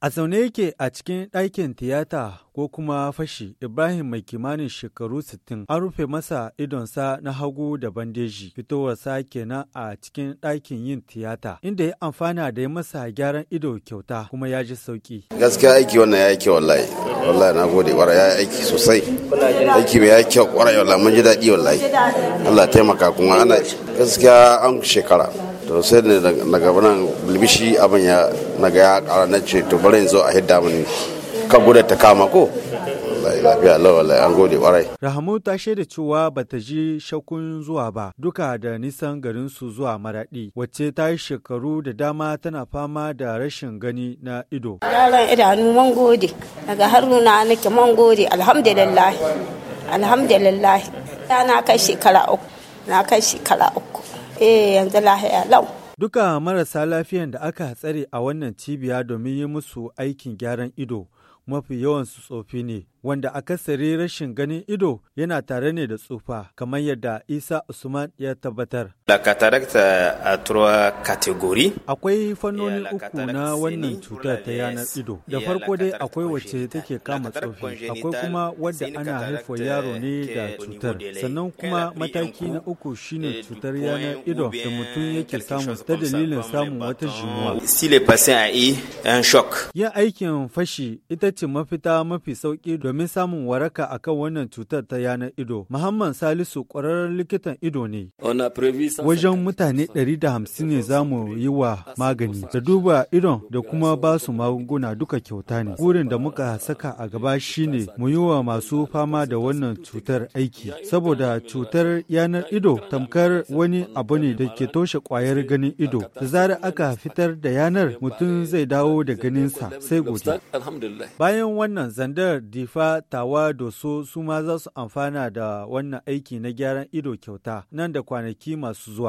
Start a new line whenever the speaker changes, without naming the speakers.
A zaune yake a cikin ɗakin tiyata ko kuma fashi, Ibrahim mai kimanin shekaru 60 an rufe masa idonsa na hagu da bandeji, fitowarsa kenan a cikin ɗakin yin tiyata, inda ya amfana da ya masa gyaran ido kyauta kuma ya ji sauki.
Gaskiya aiki wannan ya yi wallahi, wallahi na gode wara ya yi aiki sosai, aiki mai ya kyau kwarai wallahi mun ji daɗi wallahi, Allah taimaka kuma ana gaskiya an shekara. to sai ne na gaba nan bilbishi abin ya naga ya kara na ce to bari zo a hidda mini ka gudu ta kama ko lafiya lawala an gode kwarai.
Rahamu ta shaida cewa ta ji shakkun zuwa ba duka da nisan garin su zuwa maraɗi wacce ta yi shekaru da dama tana fama da rashin gani na ido.
Yaran idanu man gode daga haruna nake man gode alhamdulillah alhamdulillah na kai shekara uku na kai shekara uku. Eh yanzu lahiya lau.
Duka marasa lafiyan da aka tsare a wannan cibiya domin yi musu aikin gyaran ido mafi yawan su tsofi ne wanda a akasari rashin ganin ido yana tare ne da tsufa kamar yadda isa usman ya tabbatar
La cataracta a
Akwai fannoni uku na wannan cutar ta yanar ido. Da farko dai akwai wacce take kama tsofi, akwai kuma wadda ana haifa yaro ne da cutar. Sannan kuma mataki na uku shine cutar yanar ido da mutum yake samu ta dalilin samun wata jimuwa. Yin aikin fashi ita ce mafita mafi sauki domin samun waraka akan wannan cutar ta yanar ido. Muhammad Salisu ƙwararren likitan ido ne. Wajen mutane da hamsin ne za mu yi wa magani da duba idon da kuma ba su magunguna duka kyauta ne. Burin da muka saka a gaba shine mu yi wa masu fama da wannan cutar aiki saboda cutar yanar ido tamkar wani abu ne da ke toshe kwayar ganin ido da zara aka fitar da yanar mutum zai dawo da ganinsa sai gobe. Bayan wannan zandar difa fa tawa doso su ma za su amfana da wannan aiki na gyaran ido kyauta nan da kwanaki masu zuwa.